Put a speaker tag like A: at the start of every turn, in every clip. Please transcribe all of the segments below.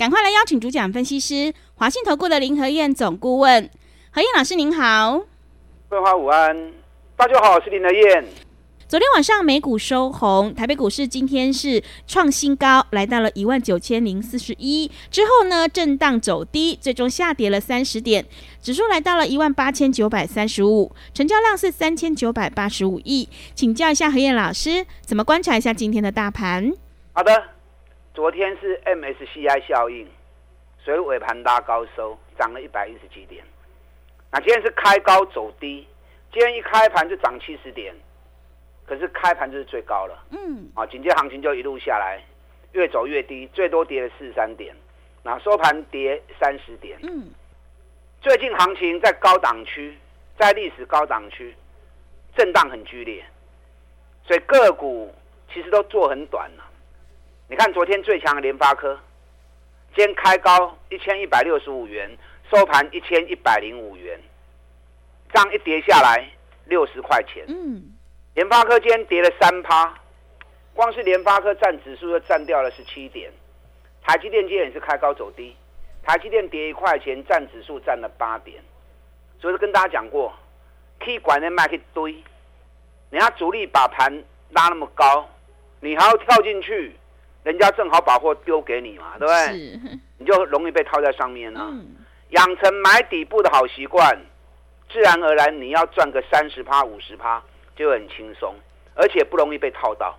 A: 趕快來邀請主講分析師、華信投顧的林和彥總顧問和彥老師，您好。桂
B: 花午安，大家好，我是林和彥。
A: 昨天晚上美股收紅，台北股市今天是創新高，來到了一萬九千零四十一。之後呢，震盪走低，最終下跌了三十點，指數來到了一萬八千九百三十五，成交量是三千九百八十五億。請教一下和彥老師，怎麼觀察一下今天的大盤？
B: 好的。昨天是 MSCI 效應，所以尾盤拉高收，漲了一百一十幾點。那今天是開高走低，今天一開盤就漲七十點，可是開盤就是最高了。嗯。啊，緊接行情就一路下來，越走越低，最多跌了四三點。那收盤跌三十點。嗯。最近行情在高檔區，在歷史高檔區，震盪很劇烈，所以個股其實都做很短啊你看，昨天最強的聯發科，今天開高一千一百六十五元，收盤一千一百零五元，這樣一跌下來六十塊錢。嗯，聯發科今天跌了三趴，光是聯發科占指數就占掉了十七點。台積電今天也是開高走低，台積電跌一塊錢，占指數占了八點。所以跟大家講過，可以管的賣一堆，你要主力把盤拉那麼高，你還要跳進去。人家正好把貨丟給你嘛，對不對？你就容易被套在上面啊。嗯、養成買底部的好習慣，自然而然你要賺個三十趴、五十趴就很輕鬆，而且不容易被套到。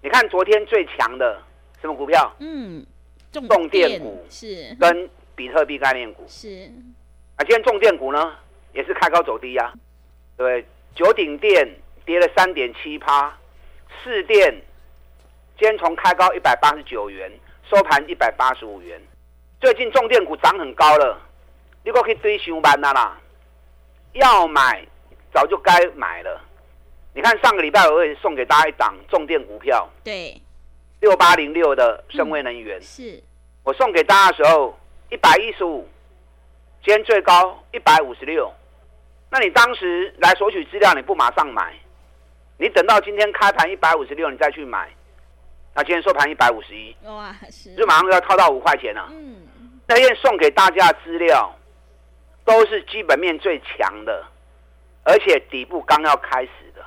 B: 你看昨天最強的什麼股票？
A: 嗯，重電，重電股是跟
B: 比特幣概念股
A: 是。
B: 啊，今天重電股呢也是開高走低呀、啊，對不對？九鼎電跌了三點七趴，四電。今天從開高一百八十九元，收盤一百八十五元。最近重點股漲很高了，你夠可以堆上版的啦。要買早就該買了。你看上個禮拜我會送給大家一檔重點股票，對，六八零六的森崴能源。嗯，是。我送給大家的時候一百一十五，115，今天最高一百五十六。那你當時來索取資料，你不馬上買，你等到今天開盤一百五十六，你再去買。那、啊、今天收盤一百五十一，
A: 哇，是就、啊、
B: 馬上就要套到五塊錢
A: 了、
B: 啊。嗯，那天送給大家的資料，都是基本面最強的，而且底部剛要開始的。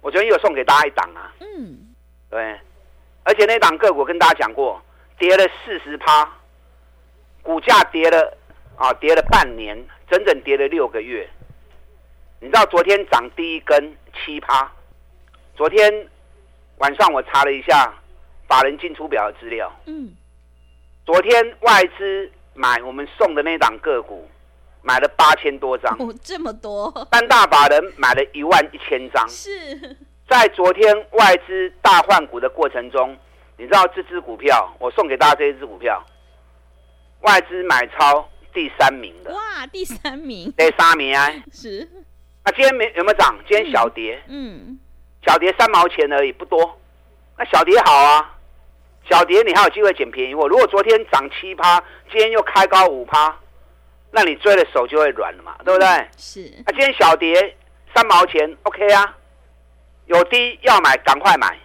B: 我昨天有送給大家一檔啊，
A: 嗯，
B: 對，而且那檔個股跟大家講過，跌了四十趴，股價跌了啊，跌了半年，整整跌了六個月。你知道昨天漲第一根七趴，昨天晚上我查了一下。法人進出表的資料。嗯，昨天外資買我們送的那檔個股，買了八千多張。
A: 哦，這麼多。但大把人
B: 買了一萬一千張。
A: 是
B: 在昨天外資大換股的過程中，你知道這支股票，我送給大家這一支股票，外資買超第三名的。
A: 哇，第三名。
B: 第三名。啊。是。
A: 那
B: 今天有沒有沒有漲？今天小跌、嗯，嗯。小跌三毛錢而已，不多。那小跌好啊。小蝶，你還有機會撿便宜貨。如果昨天漲七趴，今天又開高五趴，那你追的手就會軟了嘛，對不對？是。那、啊、今天小蝶三毛錢，OK 啊，有低要買趕快買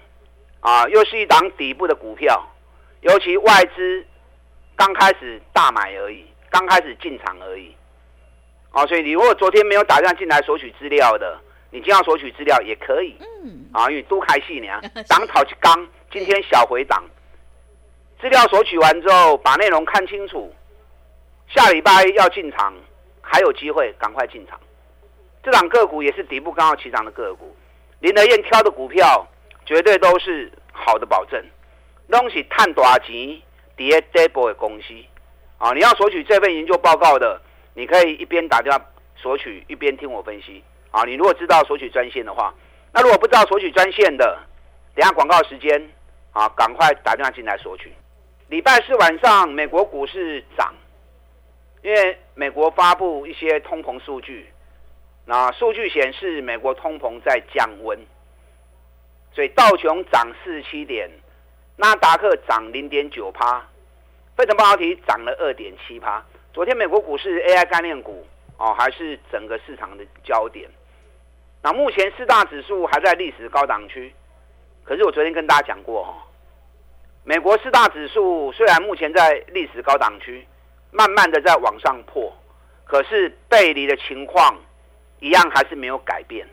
B: 啊！又是一檔底部的股票，尤其外資剛開始大買而已，剛開始進場而已啊！所以你如果昨天沒有打電話進來索取資料的，你今天要索取資料也可以，嗯，啊，因為多開戲呢，擋炒剛今天小回檔。資料索取完之後，把內容看清楚。下禮拜要進場，還有機會，趕快進場。這檔個股也是底部剛好起漲的個股。林和彥挑的股票，絕對都是好的保證。都是賺大錢，在底部的公司，啊，你要索取這份研究報告的，你可以一邊打電話索取，一邊聽我分析。啊，你如果知道索取專線的話，那如果不知道索取專線的，等一下廣告時間，啊，趕快打電話進來索取。禮拜四晚上，美國股市漲，因為美國發布一些通膨數據，那數據顯示美國通膨在降溫，所以道瓊漲四十七點，納達克漲零點九趴，費城半導體漲了二點七趴。昨天美國股市 AI 概念股哦，還是整個市場的焦點。那目前四大指數還在歷史高檔區，可是我昨天跟大家講過哦。美國四大指數雖然目前在歷史高檔區，慢慢的在往上破，可是背離的情況，一樣還是沒有改變。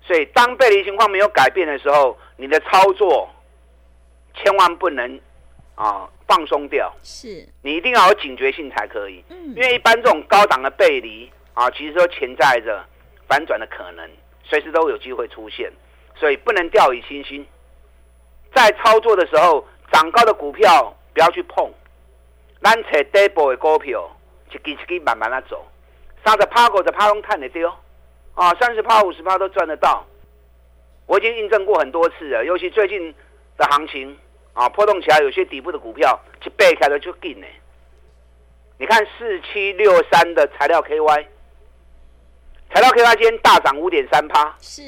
B: 所以，當背離情況沒有改變的時候，你的操作，千萬不能，啊，放鬆掉。是，你一定要有警覺性才可以。嗯。因為一般這種高檔的背離啊，其實都潛在着反轉的可能，隨時都有機會出現，所以不能掉以輕心，在操作的時候。漲高的股票不要去碰，咱找底部的股票，一支一支慢慢的走。三十趴、五十趴攏賺得到，啊，三十趴、五十趴都賺得到。我已經印證過很多次了，尤其最近的行情啊，波動起來，有些底部的股票一背開的就進呢。你看四七六三的材料 KY，材料 KY 今天大漲五點三趴，是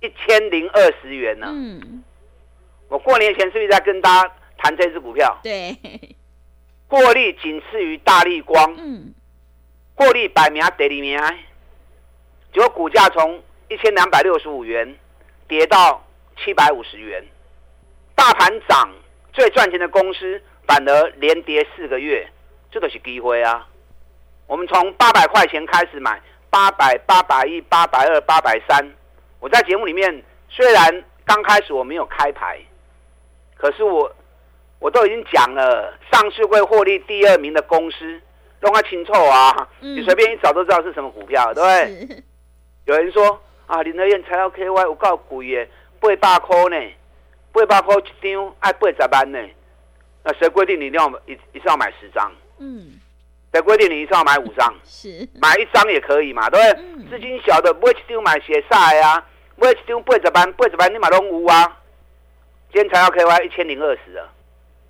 B: 一千零二十元呢，啊。嗯我過年前是不是在跟大家談這只股票？對，獲利僅次於大立光，嗯，獲利百名還得第一名，結果股價從一千兩百六十五元跌到七百五十元，大盤漲，最賺錢的公司反而連跌四個月，這都是機會啊！我們從八百塊錢開始買，八百、八百一、八百二、八百三，我在節目裡面雖然剛開始我沒有開牌。可是我，我都已經講了，上市會獲利第二名的公司，弄個清楚啊、嗯！你隨便一找都知道是什麼股票，對不對？有人說啊，林德燕材料 K Y 有夠貴的，八百塊呢，八百塊一張，要，八十萬呢。那誰規定你一定要一一次要買十張？嗯，誰規定你一次要買五張？
A: 是，
B: 買一張也可以嘛，對不對？資、嗯、金小的買一張買是會使的啊，買一張八十萬，八十萬你嘛攏有啊。材料 K Y 一千零二十啊！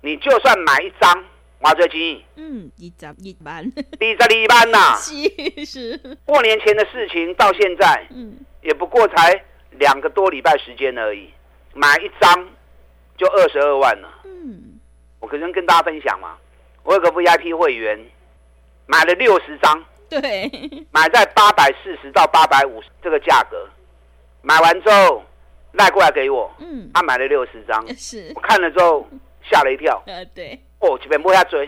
B: 你就算買一張，挖掘機，嗯，
A: 二
B: 十一萬，二十一萬吶，七十，過年前的事情到現在，
A: 嗯，
B: 也不過才兩個多禮拜時間而已，買一張就二十二萬
A: 了。
B: 嗯，我可能跟大家分享嘛，我有個 V I P 會員買了六十張，
A: 對，
B: 買在八百四十到八百五十這個價格，買完之後。帶過來給我，
A: 嗯，他、啊、買
B: 了六十張，是我看了之後嚇了一跳，呃、啊，對，哦，這邊摸下嘴，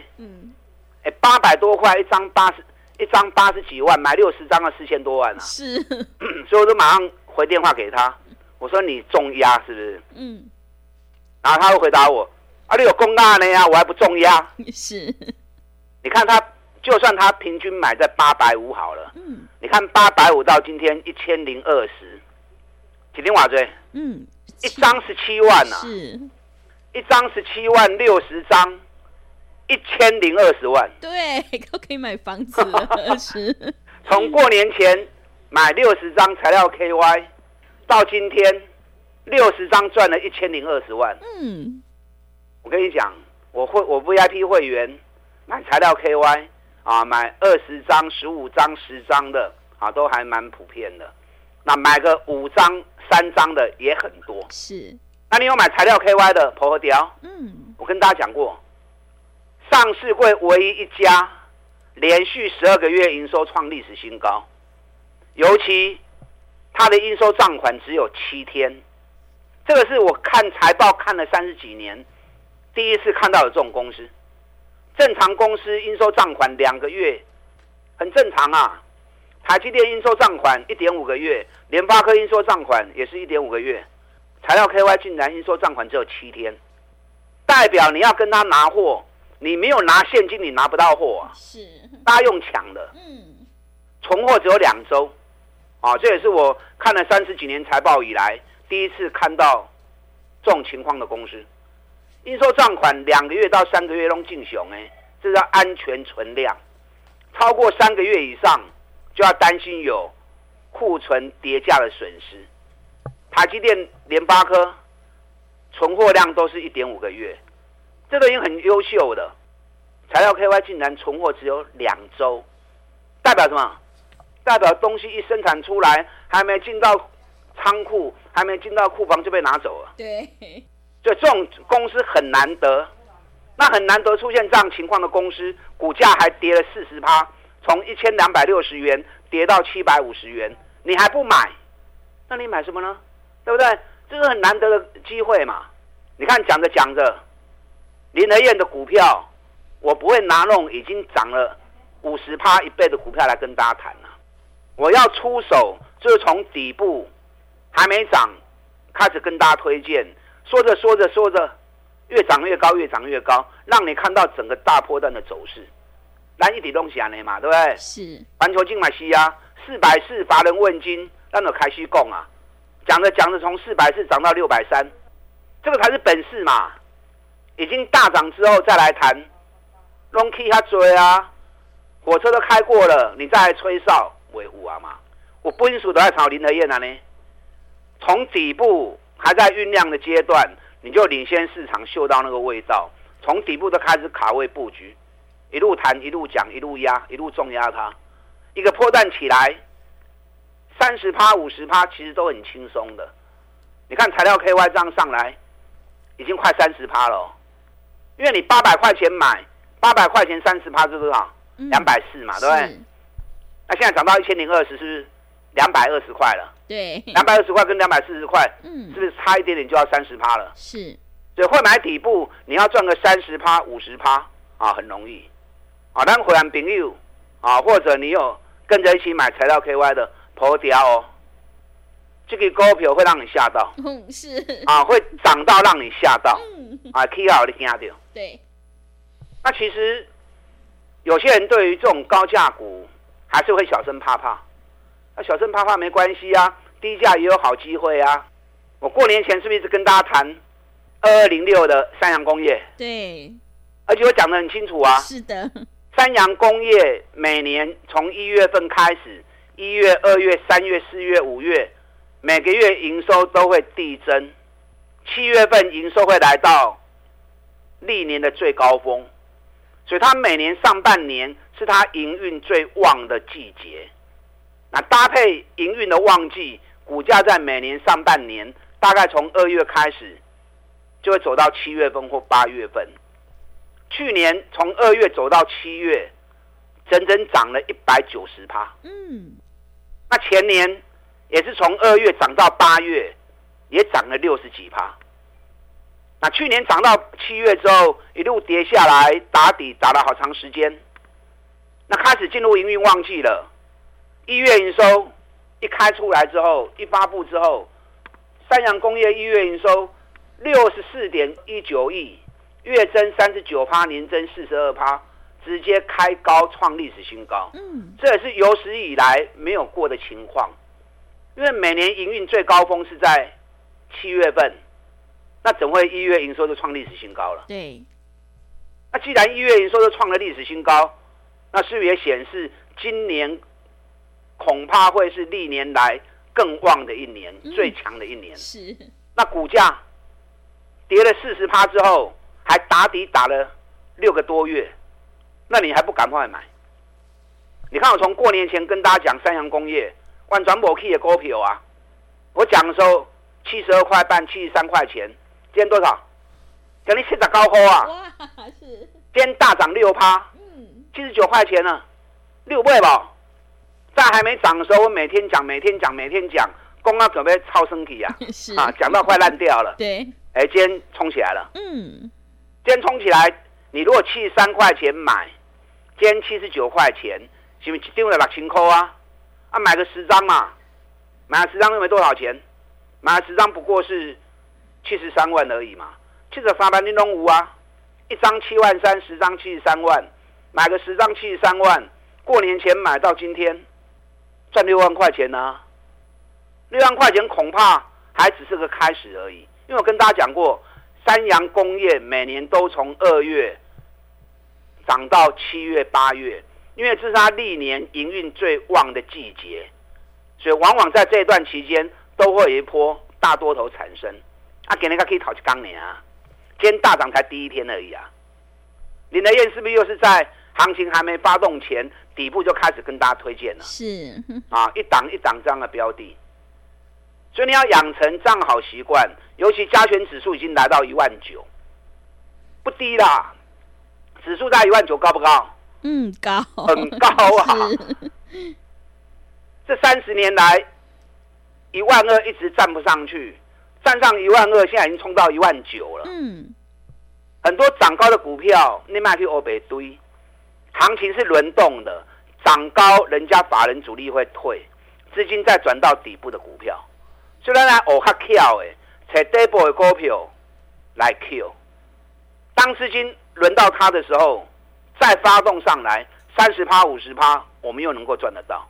B: 八、嗯、百、欸、多塊一張，八十一張八十幾萬，買六十張啊，四千多萬啊，是咳咳，所以我就馬上回電話給他，我說你重押是不是？嗯，然後他回答我，啊，你有公大的呀，我還不重押，是，你看他，就算他平均買在八百五好
A: 了，
B: 嗯，你看八百五到今天一千零二十。1020，零瓦錐，嗯，一張十七萬啊，
A: 是
B: 一張十七萬張，六十張一千零二十萬，
A: 對，都可以買房子了。是 ，
B: 從過年前買六十張材料 KY 到今天，六十張賺了一千零二十萬。嗯，我跟你講，我會我 VIP 會員買材料 KY 啊，買二十張、十五張、十張的啊，都還蠻普遍的。那買個五張。三張的也很多，是。那你有買材料 KY 的薄荷雕？
A: 嗯，我
B: 跟大家講過，上市會唯一一家連續十二個月營收創歷史新高，尤其它的應收賬款只有七天，這個是我看財報看了三十幾年，第一次看到有這種公司。正常公司應收賬款兩個月很正常啊。台積電應收賬款一點五個月，聯發科應收賬款也是一點五個月，材料 KY 竟然應收賬款只有七天，代表你要跟他拿貨，你沒有拿現金，你拿不到貨啊！
A: 是，
B: 大家用搶的，嗯，存貨只有兩周，啊，這也是我看了三十幾年財報以來第一次看到這種情況的公司，應收賬款兩個月到三個月攏進雄哎、欸，這叫安全存量，超過三個月以上。就要擔心有庫存跌價的損失。台積電、聯發科存貨量都是一點五個月，這個已經很優秀的。材料 KY 竟然存貨只有兩周，代表什麼？代表東西一生產出來，還沒進到倉庫，還沒進到庫房就被拿走了。對。
A: 對，
B: 這種公司很難得，那很難得出現這樣情況的公司，股價還跌了四十趴。從一千兩百六十元跌到七百五十元，你還不買？那你買什麼呢？對不對？這是很難得的機會嘛！你看，講着講着，林和彥的股票，我不會拿弄已經漲了五十趴一倍的股票來跟大家談了，啊。我要出手，就是從底部還沒漲開始跟大家推薦。說着說着說着，越漲越高，越漲越高，讓你看到整個大波段的走勢。咱一啲東西安尼嘛，對不對？是。環球金買西啊，四百四乏人問津，那都開始講啊，講着講着從四百四漲到六百三，這個才是本事嘛。已經大漲之後再來談，龍 K 他追啊，火車都開過了，你再來吹哨，維護啊嘛。我本身屬都在炒林和彥啊。呢，從底部還在醞釀的階段，你就領先市場嗅到那個味道，從底部都開始卡位布局。一路談，一路講，一路壓，一路重壓它，一個破蛋起來，三十趴、五十趴，其實都很輕鬆的。你看材料 KY 這樣上來，已經快三十趴了、哦，因為你八百塊錢買，八百塊錢三十趴是多少？啊？兩百四嘛，嗯、對不對？那現在漲到一千零二十，是兩百二十塊了？對。兩百二十塊跟兩百四十塊，嗯，是不是差一點點就要三十趴了、嗯？是。所以會買底部，你要賺個三十趴、五十趴啊，很容易。啊，咱會員朋友啊，或者你有跟着一起買材料 KY 的，跑掉哦。這個股票會讓你嚇到，嗯，
A: 是啊，
B: 會漲到讓你嚇到，嗯、啊，key out 你聽得到。對。那、啊、其實有些人對於這種高價股還是會小聲怕怕。那、啊、小聲怕怕沒關係啊，低價也有好機會啊。我過年前是不是一直跟大家談二二零六的三陽工業？對。而且我講的很清楚啊。是的。三陽工業每年從一月份開始，一月、二月、三月、四月、五月，每個月營收都會遞增，七月份營收會來到歷年的最高峰，所以它每年上半年是它營運最旺的季節。那搭配營運的旺季，股價在每年上半年，大概從二月開始，就會走到七月份或八月份。去年從二月走到七月，整整漲了一百九十趴。嗯，那前年也是從二月漲到八月，也漲了六十幾趴。那去年漲到七月之後，一路跌下來打底打了好長時間。那開始進入營運旺季了，一月營收一開出來之後，一發佈之後，三陽工業一月營收六十四點一九億。月增三十九%，年增四十二%，直接開高創歷史新高。嗯，這也是有史以來沒有過的情況。因為每年營運最高峰是在七月份，那怎會一月營收就創歷史新高
A: 了？
B: 對。那既然一月營收就創了歷史新高，那是不是也顯示今年恐怕會是歷年來更旺的一年，最強的一年？是。那股價跌了四十%之後。還打底打了六個多月，那你還不趕快買？你看我從過年前跟大家講三陽工業、萬轉播器的股票啊，我講的時候七十二塊半、七十三塊錢，今天多少？今天七十九啊！是。今天大漲六趴，嗯，七十九塊錢啊，六倍吧，在還沒漲的時候，我每天講、每天講、每天講，講到準備超身體啊，講、啊、到快爛掉了。對，哎、欸，今天衝起來了。嗯。先衝起來，你如果七十三塊錢買，今天七十九塊錢，是不是丟了六千塊啊？啊，買啊，買個十張嘛，買十張又沒多少錢，買十張不過是七十三萬而已嘛，七十三萬你弄五啊，一張七萬三，十張七十三萬，買個十張七十三萬，過年前買到今天，賺六萬塊錢呢、啊，六萬塊錢恐怕還只是個開始而已，因為我跟大家講過。三陽工業每年都從二月漲到七月八月，因為這是它歷年營運最旺的季節，所以往往在這一段期間都會有一波大多頭產生。啊，給人家可以炒去鋼年啊！今天大漲才第一天而已啊！林和彥是不是又是在行情還沒發動前底部就開始跟大家推薦了？
A: 是
B: 啊，一檔一檔這樣的標的。所以你要養成賬好習慣，尤其加權指數已經來到一萬九，不低啦。指數在一萬九高不高？嗯，
A: 高。很高啊！
B: 這三十年來一萬二一直站不上去，站上一萬二現在已經衝到一萬九
A: 了。
B: 嗯，很多漲高的股票你買去歐北堆，行情是輪動的，漲高人家法人主力會退，資金再轉到底部的股票。雖然來 O 克 K 的，stable 股票來 kill，當資金輪到他的時候，再發動上來三十趴五十趴，我們又能夠賺得到。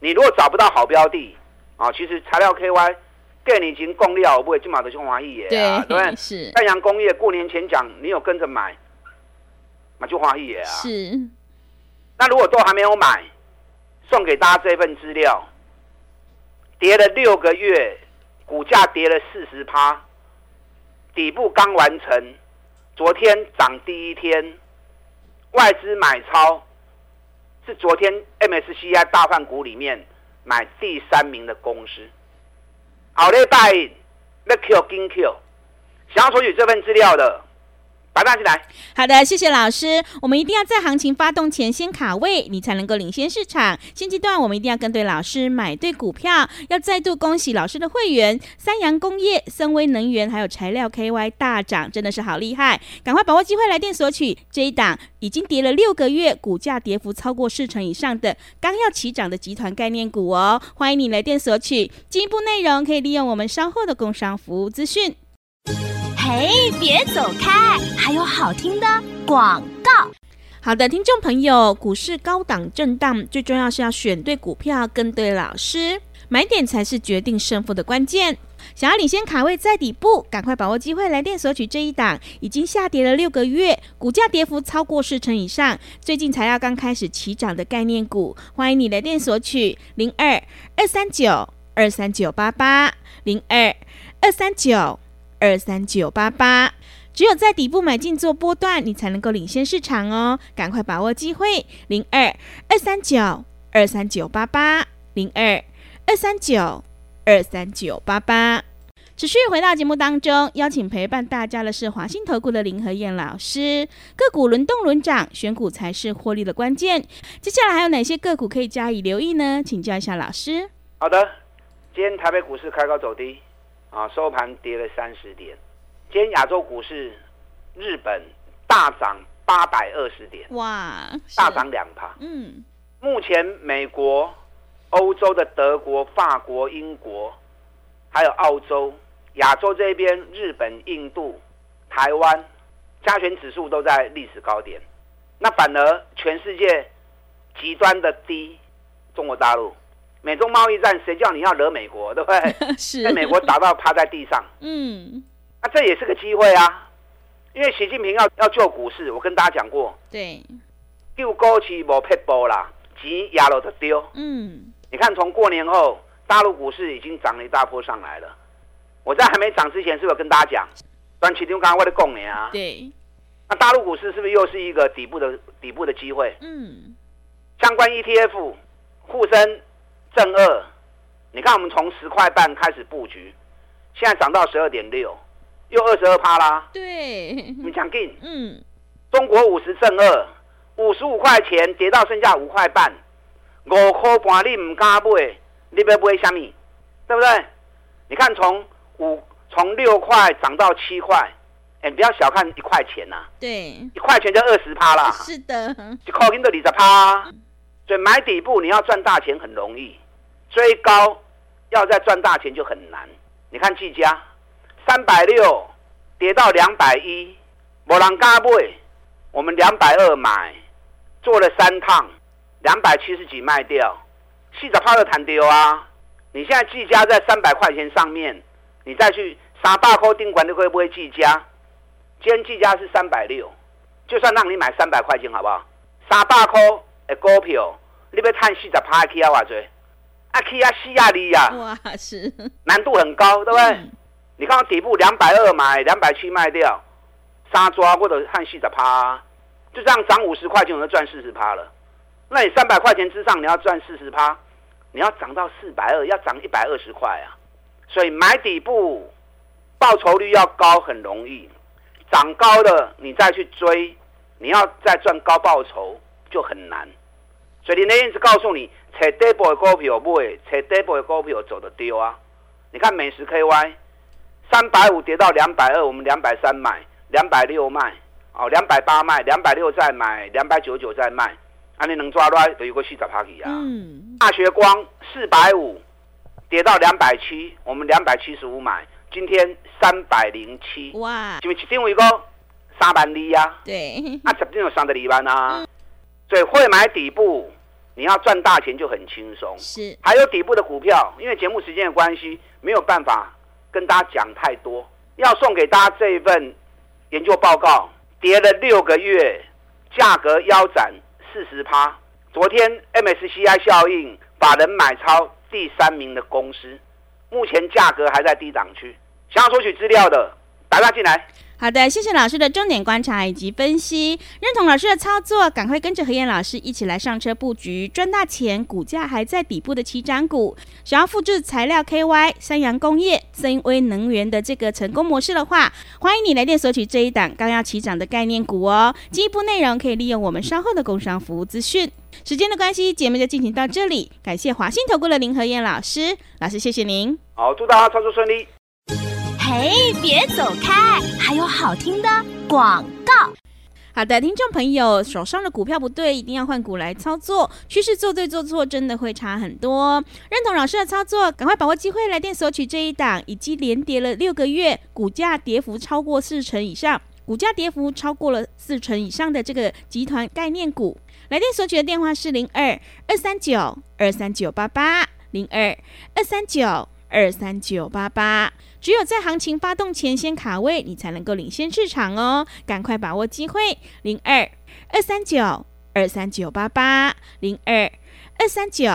B: 你如果找不到好標的啊，其實材料 KY，電影已經供料不會去買的去華一眼。對，是。三陽工業過年前講，你有跟着買，買就華一眼啊。是。那如果都還沒有買，送給大家這份資料。跌了六個月，股價跌了四十趴，底部剛完成。昨天漲第一天，外資買超是昨天 MSCI 大盤股裡面買第三名的公司，好，大利亞、m q i q 想要索取這份資料的。
A: 白大起來，好的，謝謝老師。我們一定要在行情發動前先卡位，你才能夠領先市場。現階段我們一定要跟對老師，買對股票。要再度恭喜老師的會員，三陽工業、森威能源還有材料 KY 大漲，真的是好厲害！趕快把握機會來電索取。這一檔已經跌了六個月，股價跌幅超過四成以上的，剛要起漲的集團概念股哦，歡迎你來電索取。進一步內容可以利用我們稍後的工商服務資訊。哎，別走開！還有好聽的廣告。好的，聽眾朋友，股市高檔震盪，最重要是要選對股票，跟對老師，買點才是決定勝負的關鍵。想要領先卡位在底部，趕快把握機會來電索取這一檔已經下跌了六個月，股價跌幅超過四成以上，最近才要剛開始起漲的概念股，歡迎你來電索取零二二三九二三九八八零二二三九。二三九八八，只有在底部買進做波段，你才能夠領先市場哦！趕快把握機會，零二二三九二三九八八零二二三九二三九八八。持續回到節目當中，邀請陪伴大家的是華信投顧的林和彥老師。個股輪動輪漲，選股才是獲利的關鍵。接下來還有哪些個股可以加以留意呢？請教一下老師。
B: 好的，今天台北股市開高走低。啊，收盤跌了三十點。今天亞洲股市，日本大漲八百二十點，哇，大漲兩趴。嗯，目前美國、歐洲的德國、法國、英國，還有澳洲、亞洲這邊，日本、印度、台灣加權指數都在歷史高點。那反而全世界極端的低，中國大陸。美中貿易戰，誰叫你要惹美國，對不對？ 是美國打到趴在地上，嗯，那、啊、這也是個機會啊，因為習近平要要救股市，我跟大家講過，
A: 對，
B: 救股市無撇步啦，錢壓落就丟，嗯，你看從過年後，大陸股市已經漲了一大波上來了，我在還沒漲之前，是不是有跟大家講，但其中剛剛為了過年啊，對，那、啊、大陸股市是不是又是一個底部的底部的機會？嗯，相關 ETF，滬深。正二，你看我們從十塊半開始布局，現在漲到十二點六，又二十二趴啦。對，你講金，嗯，中國五十正二，五十五塊錢跌到剩下五塊半，五塊半你唔敢買，你要買蝦米？對不對？你看從五從六塊漲到七塊，哎、欸，你不要小看一塊錢吶、啊，
A: 對，一
B: 塊錢就二十趴啦。是的，一塊錢就靠金都二十趴，所以買底部你要賺大錢很容易。追高，要再賺大錢就很難。你看技嘉，技嘉三百六跌到兩百一，沒人敢買。我們兩百二買，做了三趟，兩百七十幾賣掉，氣得趴了彈丟啊！你現在技嘉在三百塊錢上面，你再去殺大顆定管你會不會技嘉？今天技嘉是三百六，就算讓你買三百塊錢好不好？殺大顆誒，股票你要嘆氣，再趴起啊多少？阿克亞西亞利亞，
A: 哇，是
B: 難度很高，對不對？嗯、你看到底部兩百二買，兩百七賣掉，沙抓或者焊細的趴，就這樣漲五十塊就能賺四十趴了。那你三百塊錢之上，你要賺四十趴，你要漲到四百二，要漲一百二十塊啊！所以買底部報酬率要高，很容易漲高了，你再去追，你要再賺高報酬就很難。所以你那意思告訴你，找底部的股票買，找底部的股票走得掉啊！你看材料 KY，三百五跌到兩百二，我們兩百三買，兩百六賣，哦，兩百八賣，兩百六再買，兩百九十九再賣，安能抓落等於過四十趴起啊！嗯，大學光四百五跌到兩百七，我們兩百七十五買，今天三百零七，哇！今尾只因為一,一三萬二呀、啊，對，啊，十點鐘上得離班吶，所以會買底部。你要賺大錢就很輕鬆，是。還有底部的股票，因為節目時間的關係，沒有辦法跟大家講太多。要送給大家這一份研究報告，跌了六個月，價格腰斬四十趴。昨天 MSCI 效應，法人買超第三名的公司，目前價格還在低檔區。想要索取資料的，
A: 打他進來。好的，謝謝老師的重點觀察以及分析，認同老師的操作，趕快跟着和彥老師一起來上車布局，賺大錢。股價還在底部的起漲股，想要複製材料 KY、三陽工業、森威能源的這個成功模式的話，歡迎你來電索取這一檔剛要起漲的概念股哦。進一步內容可以利用我們稍後的工商服務資訊。時間的關係，節目就進行到這裡，感謝華信投顧的林和彥老師，老師謝謝您。好，祝大家操作順利。哎，別走開，還有好聽的廣告。好的，聽眾朋友，手上的股票不對，一定要換股來操作，趨勢做對做錯真的會差很多。認同老師的操作，趕快把握機會，來電索取這一檔，已經連跌了六個月，股價跌幅超過四成以上，股價跌幅超過了四成以上的這個集團概念股，來電索取的電話是零二二三九二三九八八零二二三九。二三九八八，只有在行情發動前先卡位，你才能夠領先市場哦！趕快把握機會，零二二三九二三九八八，零二二三九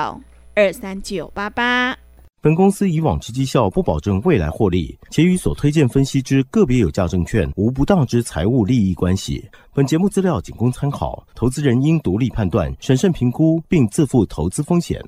A: 二三九八八。
B: 本公司以往之績效不保證未來獲利，且與所推薦分析之個別有價證券無不當之財務利益關係。本節目資料僅供參考，投資人應獨立判斷、審慎評估，並自負投資風險。